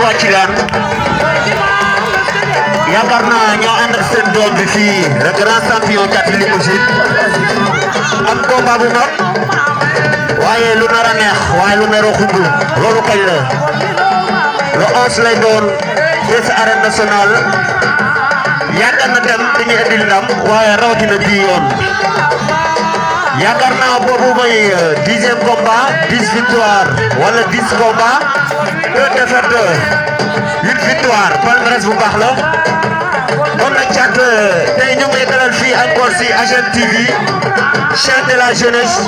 waa Thielane yaakaar naa seen doom bi fii le grand champion Thiatou Limousine am combat bu mag waaye lu nar a neex waaye lu nar a loolu kañ la le 11 lay doon fii sa arène nationale yaakaar na dem dañuy indil ndam waaye rawatina bii yoon. yaakaar naa boobu mooy euh, dixième combat dix victoire wala dix combat deux défaites huit victoire palmarès bu baax la kon nag cat euh, tey ñu ngi dalal si HMTV chaîne de la jeunesse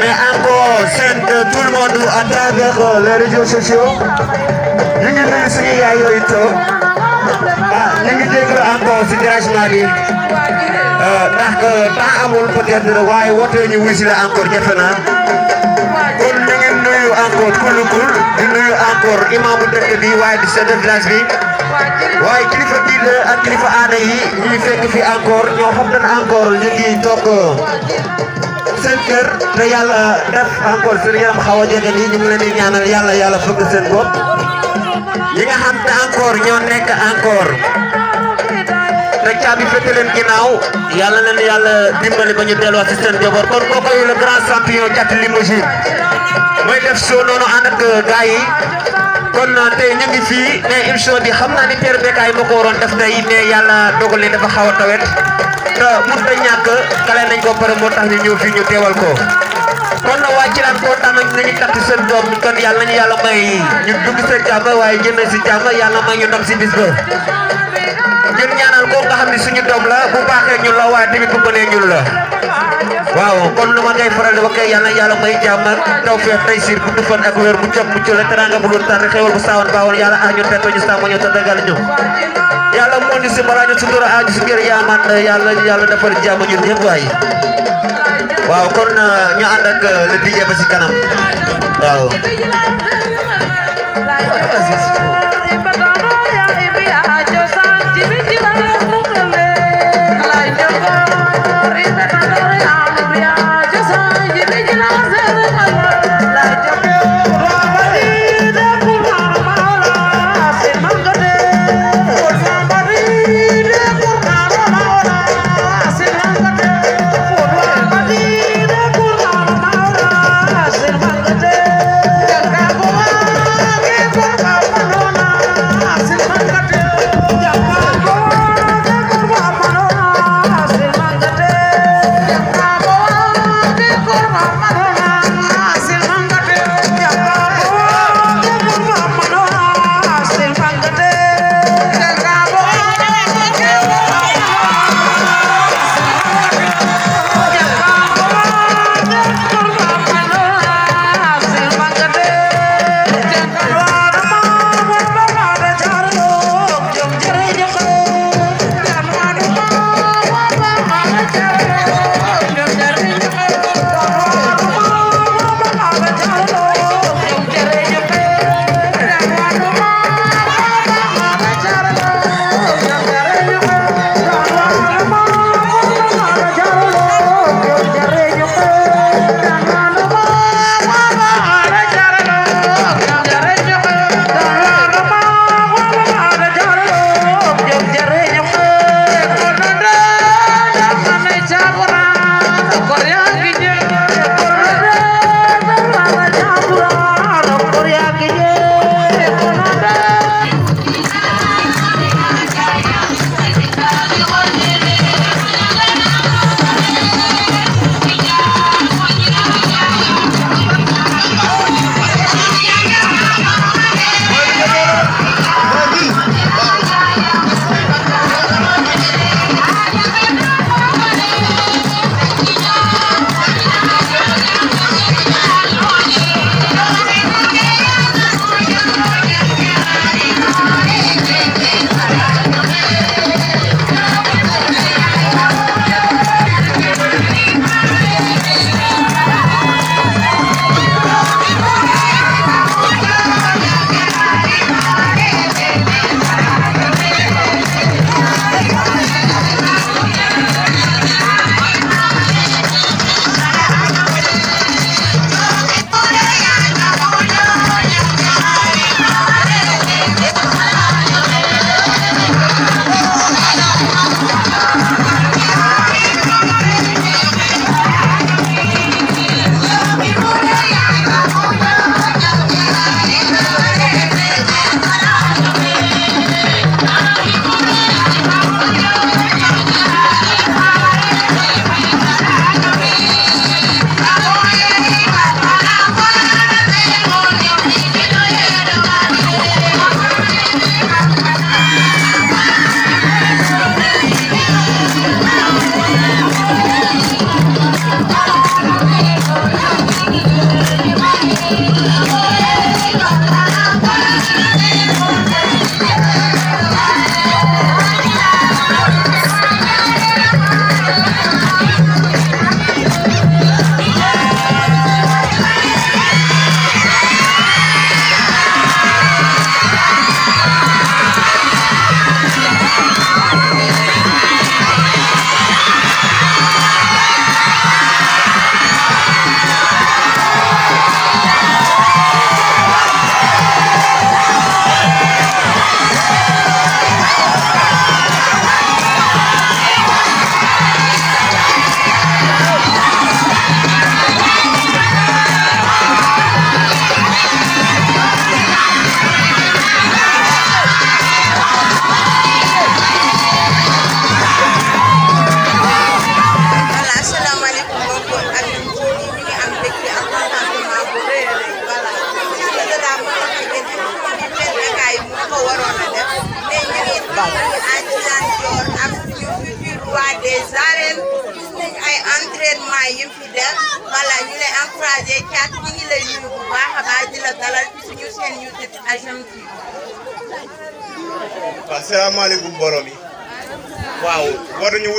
mais encore chaîne de le monde à travers euh, les réseaux sociaux ñu ngi nuyu suñu yaay yooyu toog ah ñu ngi déglu encore ndax temps amul peut-être waaye wote ñu wuy la encore kon ñu ngi nuyu encore kulukul di nuyu encore imaamu dëkk bi waaye di chef de bi waaye kilifa diine ak kilifa aada yi ñuy fekk fi encore ñoo xam ne encore ñu ngi toog seen kër te yàlla def encore seen yaram xaw a jege ñu leen di ñaanal fëgg seen nga xam encore nekk encore nag caabi féete leen ginnaaw yàlla leen yàlla dimbali ba ñu delluwaat si seen njaboot kon kooku le grand champion Thiatou Limousine mooy def soo noonu ànd ak gars yi kon na ñu ngi fii ne émission bi xam naa ni Père Bécaye moo waroon def tey ne yàlla dogal ne dafa xaw a tawet te mënut a ñàkk kale nañ ko pare moo tax ñu ñëw fii ñu teewal ko. kon na waa Djilane kontaan nañu nañu takk seen doom kon yàlla nañu yàlla may ñu dugg seen jàmm waaye génn si si bis ngeen ñaanal ko nga xam suñu doom la bu baaxee ñun la waaye tamit bu bënee ñun la waaw kon lu ngay faral di waxee yàlla may jàmm taw tay sir bu dufan ak wér bu jëm bu jële teranga bu doon tànn xéewal bu saawan baawoon yàlla añu tetto ñu sàmm ñu ñu defal waaw kon ñu ak le DJ ba kanam waaw Obrigada!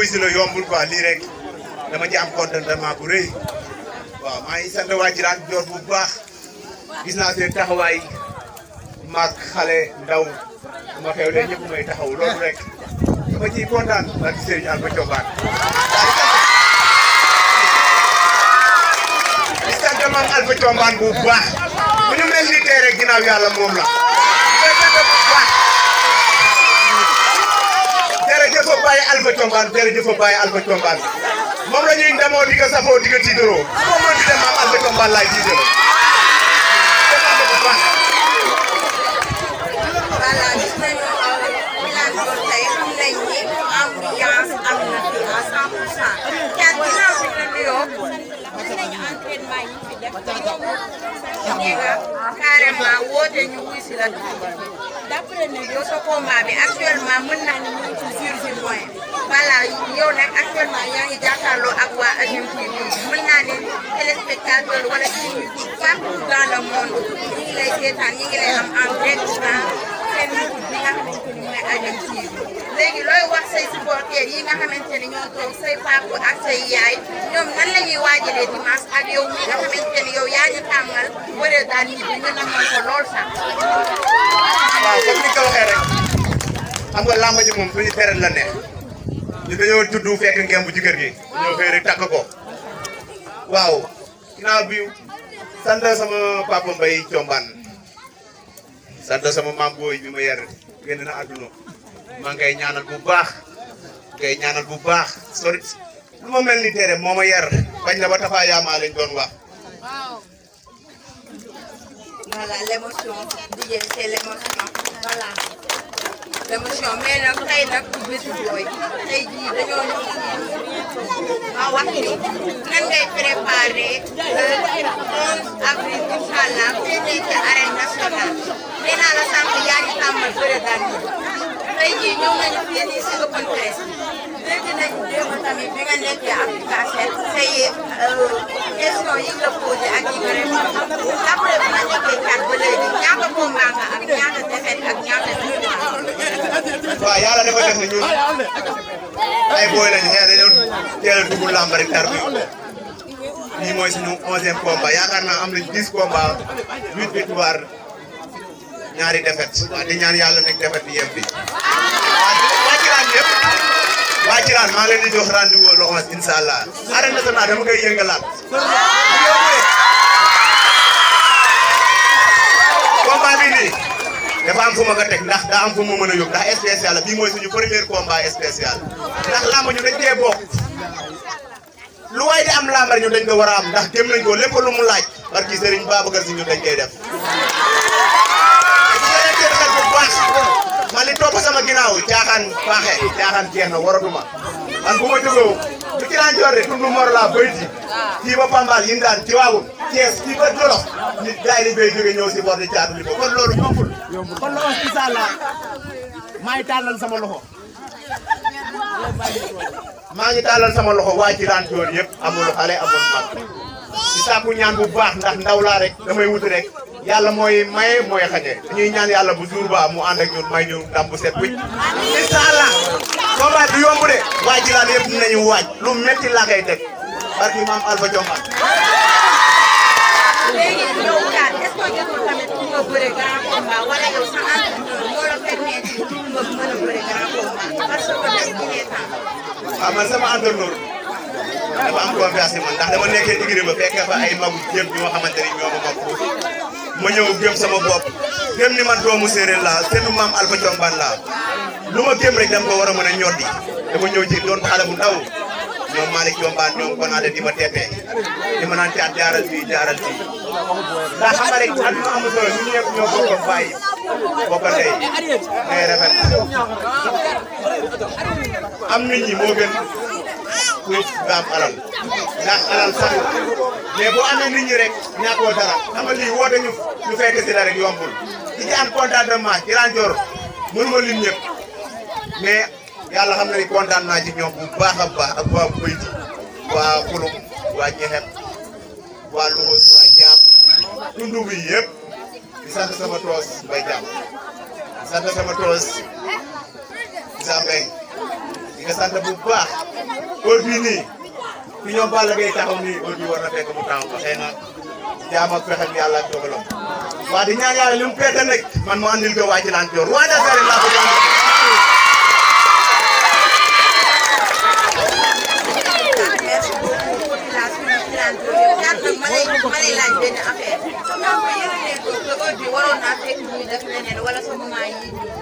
si la yombul quoi lii rek dama ci am contentement bu rëy waaw maa ngi sant waa Jiraan Joor bu baax gis naa seen taxawaay mag xale ndaw bu ma xewle ñëpp may taxaw loolu rek dama ciy kontaan ak Serigne Alba Thiombane. di sant maam Alba Thiombane bu bu ñu mel ni tey rek ginnaaw yàlla moom la. jërëjëf Baye Alpha Thiombane jërëjëf Baye Alpha Thiombane moom la ñuy demoo di ko safoo di ko tiitaroo moom moo di dem maam Alpha Thiombane laay tiitaroo. voilà gis nañu Milane Dóor tey xam nañ ni ambiance am na fi à 100 pour cent nañu entraînement yi fi def te yow nee nga carrément woote ñu wuy si la d'après ne yow sa combat bi actuellement mën naa ne ñu ci sur si moyen voilà yow nag actuellement yaa ngi jàkkaarloo ak waa Alim TV mën naa ne téléspectateur wala ci partout dans le monde ñu ngi lay seetaan ñu ngi lay am en direct seen YouTube bi nga xamante ni mooy Alim TV léegi looy wax say supporters yi nga xamante ñoo toog say papa ak say yaay ñoom nan la ñuy waajalee dimanche ak yow mi nga xamante yow yaa ñu tàmmal bëre daal ñi bi ñu nangal ko lool sax. waaw comme ni ko waxee rek xam nga làmb ji moom suñu deret la ñu dañoo fekk ci kër gi ñoo rek ko waaw bi sama papa Mbaye Thiombane sant sama maam booy bi ma yar génn na maa ngay ñaanal bu baax ngay ñaanal bu baax sori lu ma mel ni tere moo ma yar bañ na ba tafa yaamaa lañ doon wax. l'émotion jigéen c'est l'émotion nag tey nag booy tey jii dañoo ñëw ma ah, wax ni nan ngay préparer le euh, 11 avril incha allah fii ci naa la sànq yaa ngi tàmbali bëre tey jii ñëw nañu fii nii si open press dégg nañu démb tamit bi nga nekkee application tey euh, question yi nga posé ak yi nga répondre après bi nga nekkee kat ba léegi ñaata combat nga am ñaata défaite ak ñaata victoire. waaw yàlla dafa def ni ñun ay booy lañu xëy na dañoo teel a dugg làmb rek tar bi lii mooy suñu onzième combat yaakaar naa am nañu dix combat huit victoire. ñaari defet wa di ñaan yalla nek defet bi yeb bi waa yeb yëpp waa Jiraan maa leen di jox rendez-vous le 11 incha allah arène nationale dama koy yëngalaat. combat bi nii dafa am fu ma ko tek ndax da am fu ma mën a yóbbu ndax spécial bi moy suñu premier combat spécial ndax lamb ñu dañ cee bok lu way di am làmbar ñu dañ ko wara am ndax dem nañ ko lepp lu mu laaj barki Serigne Babacar suñu dañ koy def. baax man li topp sama ginnaaw jaaxaan baaxee jaaxaan jeex na waratuma man bu ma jógee lu ci daan joxe tundu Mor laa béy ji kii ba ci waawu Thiès kii ba Jolof nit gars yi bay jógee si bor di caatu li ko kon loolu yombul. yombul kon sama loxo. maa ngi tàllal sama loxo waa ci daan joor yëpp amul xale amul mag di sàkku ñaan bu baax ndax ndaw laa rek damay wut rek. yalla moy may moy xañe ñuy ñaan yalla bu jour ba mu and ak ñun may ñu ndam set wicc inshallah so ba du yomb de waji la yepp nañu waj lu metti la koy tek barki maam Alpha Diomba léegi ah, sama entraîneur ma ñëw sama bopp gëm ni man doomu séeréer laa seetu maam Alpha Combaan laa lu ma gëm rek dama ko war a mën a ñoddi dama ñëw ci doon xale bu ndaw ñoom Malick Combaan ñoom konaale di ma teetee di ma naan caat jaaral fii jaaral fii ndax xam nga rek àdduna amul solo ñun ñëpp ñoo bokkoon bàyyi bokkoon tey day am nit ñi moo gën ku gaam ndax alal saxul mais boo amee nit ñi rek ñàkkoo dara xam nga lii woote ñu ñu fekk yombul di am contentement ci Lat Dior mënuma lim ñëpp mais yàlla xam na ni kontaan naa ci ñoom bu baax a baax ak waa Boyti waa Kouloum waa Ñexep waa Louga waa Diab tundu bi yëpp di sant sama toos Mbaye Diab fi ñoom Balla Gaye taxaw nii heure war na fekk mu taxaw ba xëy na jaam ak pexem yàlla ak dogalam. waa di ñaan yàlla li mu peete man mu andil ko waa laan joor roi des arènes laa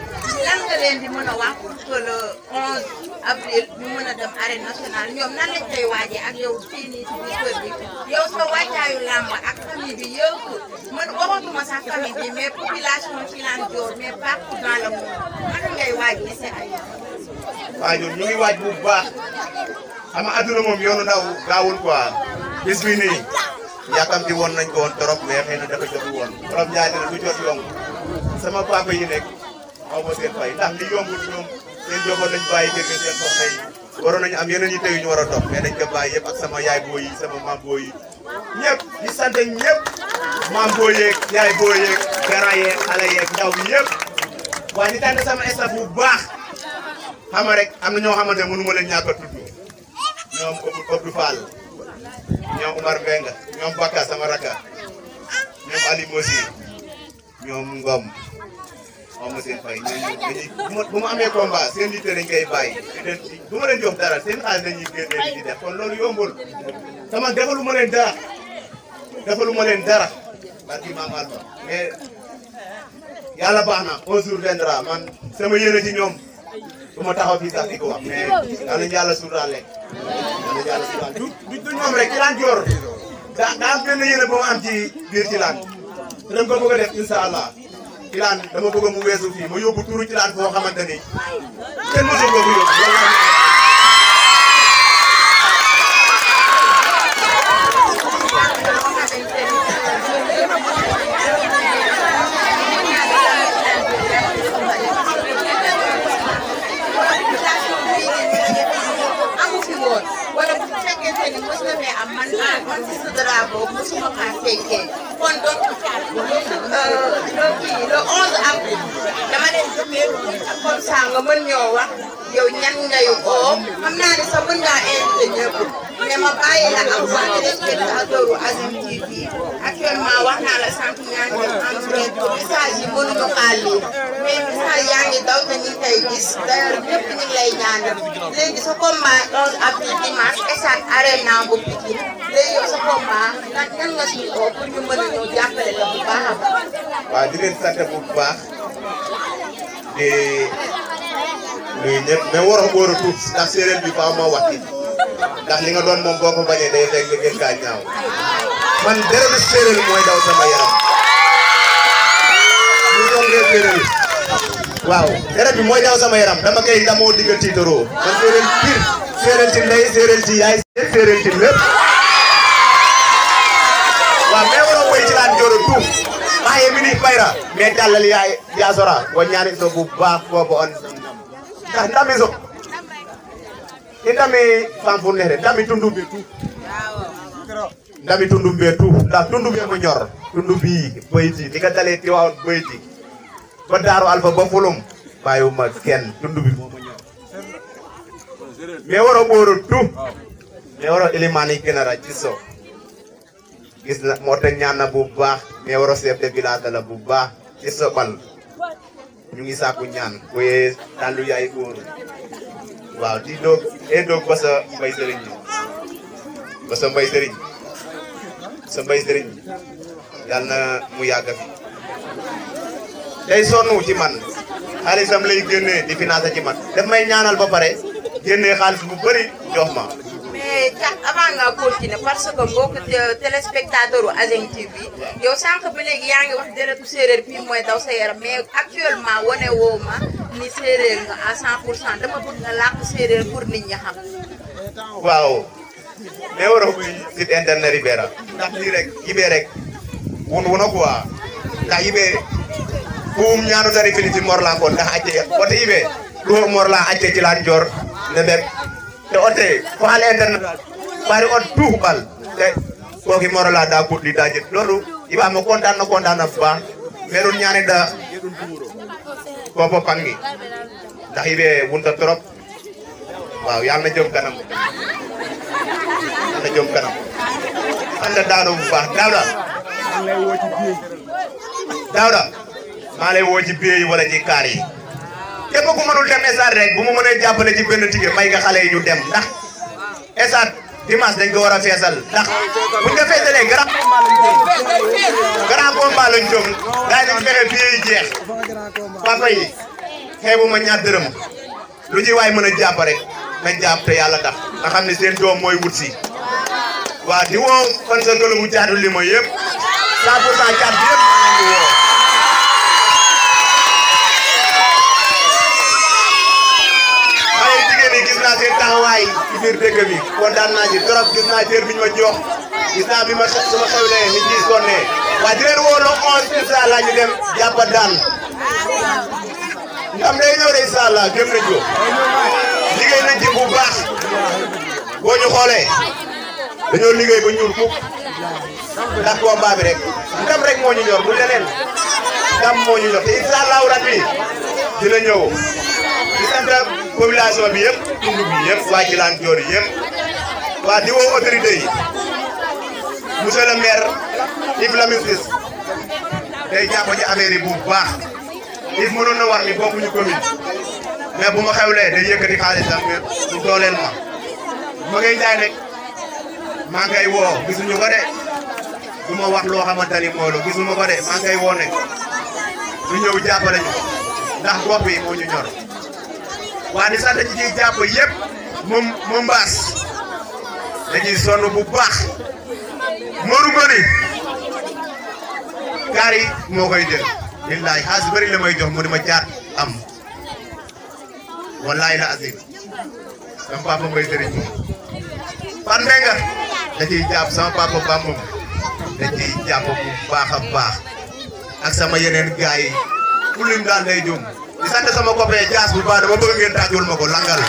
naka leen di mën a wax pour que le 11 avril mën a dem arène nationale ñoom nan lañ koy waajee ak yow fii nii ci kër gi yow sa wàccaayu làmb ak famille yëpp man waxatuma sax famille bi mais population Filaane Dior mais partout dans le monde naka ngay waajee sa ay. waaw ñoom ñu ngi waaj bu baax ama adduna moom yoonu ndaw gaawul nañ ko woon trop mais xëy na du jot yomb sama papa yi nekk. aw ma seen fay ndax li yombul ñoom seen jogoon nañ bàyyi dégg seen soxna yi waroon am yeneen yi tey ñu war a dox mais dañ ko bàyyi yëpp ak sama yaay boo yi sama maam boo yi ñëpp di sant ñëpp maam boo yeeg yaay boo yeeg grand yeeg xale yeeg ndaw yëpp waaye di tànn sama staff bu baax xam rek am na ñoo xamante mënu ma leen ñàkk a tudd ñoom Abdou Fall ñoom Umar Mbengue ñoom Bakka sama rakka ñoom Ali ñoom Ngom xaw ma seen fay ñooñu dañuy bu ma amee combat seen litre dañ koy bàyyi du ma leen jox dara seen xaalis dañuy génnee di def kon loolu yombul sama defalu ma dara defalu ma dara barki maam Alba mais yàlla baax na un jour viendra man sama yéene ci ñoom du ma taxaw fii sax di yàlla ñu yàlla suuraale yàlla ñu yàlla suuraale du du ñoom rek ci joor daa daa am benn am ci biir ci laan te dama ko Tilane dama bëgg mu weesu fii ma yóbbu turu Tilane foo xamante ni kenn mënul ko bu yóbbu su am dama leen jógee comme ça nga mën ñoo wax yow ñan ngay oo xam naa ne sax mën ngaa invité ñëpp mais ma bàyyi la am wax ci téléspectateur u Azim TV actuellement wax naa la sant yi mënuñu kaa yaa ngi daw te ñu koy gis d'ailleurs ñëpp ñu lay ñaanal léegi sa combat 11 avril dimanche stade Arena bu Pikine léegi yow sa combat nag ñan nga suñu oo pour ñu mën a ñëw jàppale la bu a baax di leen sant bu baax di nuyu ñëpp mais war a góor a ndax séeréer bi faaw ma wax ndax li nga doon moom boo ko bañee day fekk nga ñaaw man deret séeréer mooy daw sama yaram ñu dongee séeréer waaw deret bi mooy daw sama yaram dama koy ndamoo tiitaroo man séeréer pire séeréer ci ndey séeréer ci yaay séeréer ci lépp min kallal ya sora won ñaani so bu baax fofo ndax ndami so i ndami Fampournere ndami ndami Tundumbe tout ndax Tundumbe mo ñor Tundumbi boyti li ka dalee Tiwaawan boyti ba Daaru ba Fulum bàyyiwuma kenn Tundumbi mooma ñor mais waro ɓooru tout mais waro ilimani genara gisso gis na moo tax ñaan bu baax mais waro chef de village bu baax ci sobal ñu ngi sàkku ñaan kuye yaay góor waaw di doog e doog ba sa mbay sëriñ ba sëriñ mu yàgg fi day sonnu ci man xaalisam lay génnee di financé ci man daf may ñaanal ba pare génnee xaalis bu mais tax avant nga continuer parce que mbokk téléspectateur u Agen TV bi yow sànq ba léegi yaa ngi wax deretu séeréer fii mooy daw sa yaram mais actuellement wane woo ma ni séeréer nga à 100 pour cent dama bëgg nga làkk séeréer pour nit ñi waaw. mais waroo kuy site internet Ibera ndax lii rek Ibe rek wun wuna quoi ndax Ibe ñaanu tari fini ci Mor laa ndax acce wote Ibe du Mor laa acce ci laa Ndior ne te ote ko bari nde o te ko ala international ɓaari on da jet lolu iba mo kontan no kontan na ba meɗon da ko fo pangi da hibe wunta torop wa yàlla na jëm kanam yàlla na jëm kanam anda daano bu baax daawda daaw da maa lay woo ci biye wala ci kar yi képp ku mënul dem esaat rek bu mu mënee jàppale ci benn may nga xale ñu dem ndax esaat dimanche dañ ko war a feesal ndax buñ ko feesalee grand combat lañ jëm grand combat lañ jëm daa nañ fexe bii jeex papa yi xeebu ma ñaar dërëm lu ci waay mën a jàpp rek nañ jàpp te yàlla tax nga xam seen doom mooy wut si waa di woo fan sa këlu li mooy yëpp 100 pour cent carte yëpp biir dëkk kontaan naa ci gis naa cër bi ñu ma jox gis naa bi ma suma xewlee nit ñi kon ne waaye di woo le 11 incha allah ñu dem jàpp daan ndam day ñëw de incha allah gëm nañ liggéey nañ ci bu baax boo xoolee dañoo liggéey ba ñuul mukk ndax combat bi rek ndam rek moo ñu bu leneen ndam moo ñu ñor te incha allahu rabbi dina ñëw. central population bi yëpp tund bi waa Djilan Dior yëpp waa di woo autorité yi monsieur le maire Yves Lamine Ciss day jàpp ci affaire yi bu baax Yves mënoon na wax ni bokkuñu commune mais bu ma xewlee day yëkkati xaalisam du dooleel ma ma ngay jaay rek maa ngay woo gisuñu ko de du ma wax loo xamante ni mooy loo gisuma ko de maa ngay woo ne ñu ñëw jàppale ñu ndax gox bi ñu ñor waa ni sax dañu ciy jàpp yëpp moom moom mbaas dañuy sonn bu baax Modou Ngoné gaar yi moo koy jël billaay xaalis bëri la may jox mu di ma jaar am wallaay la azim sama papa mbay ba moom da ciy jàpp bu baax a baax ak sama yeneen gaay yi ku lim jum di sant sama copain Dias bu baax dama bëgg ngeen tàccul ma ko langal.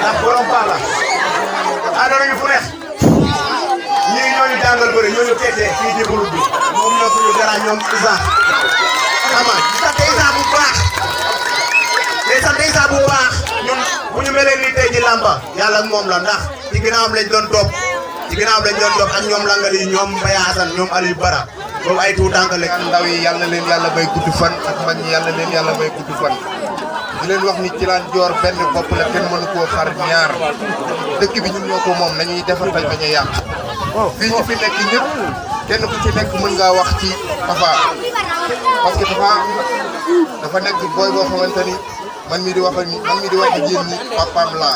ndax borom baax la. àndoon nañu fu ñooñu jàngal bëri ñooñu tekkee fii ci groupe bi. moom la suñu Isa. xam Isa bu baax. di sant Isa bu baax ñun bu melee nii tey ci làmba moom la ndax ci ginnaawam lañ doon topp. ci ginaaw dañ doon dox ak ñoom langal yi ñoom bayaasan ñoom aliou bara bo ay tu tank lek ndaw yi yàlla leen yalla bay kuttu fan ak mag ñi yàlla leen yalla bay kuttu fan di leen wax ni ci lan jor benn bop la kenn mënu ko xar ñaar dekk bi ñun ñoko mom lañuy defal defar tay bañ a fi fii ñu fi nek ñepp kenn ku ci nek mën nga wax ci papa parce que papa dafa nek boy bo xamanteni man mi di wax man mi di wax ak yéen ni papaam la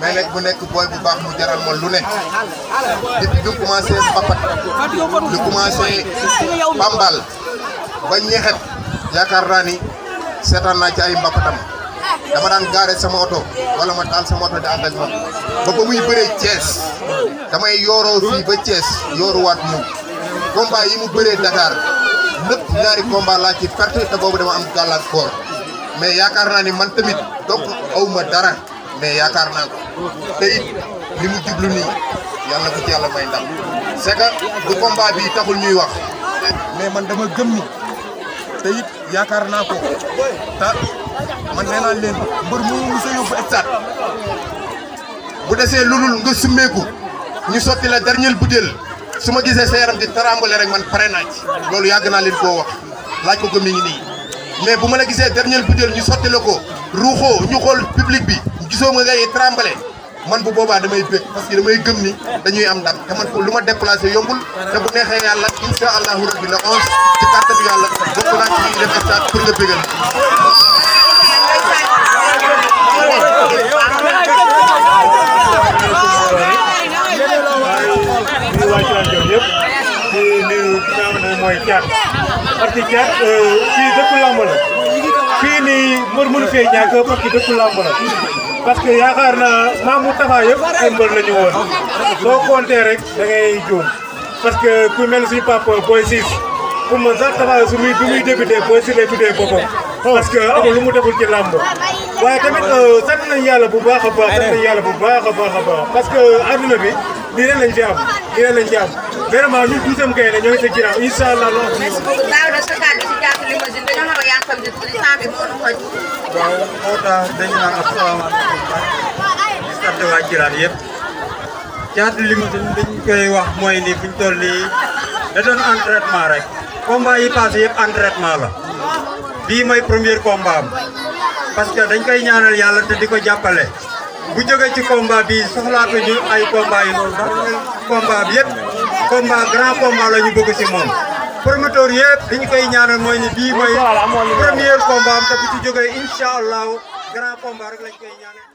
mais nag bu nekk booy bu baax mu jaral ma lu ne depuis bi mu commencé Mbapat lu commencé Pambal ba ñexet yaakaar naa ni seetaan naa ci ay Mbapatam dama daan gaare sama oto wala ma taal sama oto di ànd ak moom ba ba muy bëree Thiès damay yooroo fii ba Thiès yooruwaat mu combat yi mu bëree Dakar lépp ñaari combat laa ci perte te boobu dama am gàllankoor mais yaakaar naa ni man tamit donc awma dara. mais yaakaar naa ko te it li mu ko ci yàlla may ndam c'est que du combat bi taxul ñuy wax mais man dama gëm ni man mu mu sa bu lulul nga summeeku ñu la dernier butéel su ma gisee di tarambale rek man pare naa ci loolu yàgg naa leen koo wax laaj ko gëm yi mais la dernier ñu ruho ñu xool public bi gisoo ma ngay trembler man bu boba damay bég parce que damay gëm ni dañuy am ndam te man ko luma déplacer yombul te bu nexé yalla insha rabbi la onze ci bi yalla bokku na ci def sa pour nga bëggal di nuyu ki lii mbër mënu fee ñàkk parce la parce que yaakaar na maam mu taxaw na ay mbër la ñu woon soo rek da ngay parce que ku mel suñu papa Boy Ciss pour man sax taxaw su muy bi muy débuté Boy Ciss lay tuddee boppam parce que amul lu mu deful ci làmb waaye tamit euh, sant nañ yàlla bu baax a baax sant nañ bu baax a baax parce que adduna bi lii leen lañ ci Vraiment, nous tous sommes gagnés, nous sommes gagnés. Inch'Allah, non. Merci beaucoup. Bah, on a chaque année, c'est qu'à les mois de l'année, on a rien comme de yang wah, moi, ini est vite au lit. Mais donne un traitement, rek. Combat yi passé yëpp premier combat am. Parce que dañ koy di ko jàppale. Bu jógee ci combat combat grand combat la ñu bëgg ci moom promoteur yëpp li koy ñaanal mooy ni bii mooy premier combat am te bu ci jógee incha allahu grand combat rek lañ koy ñaanal.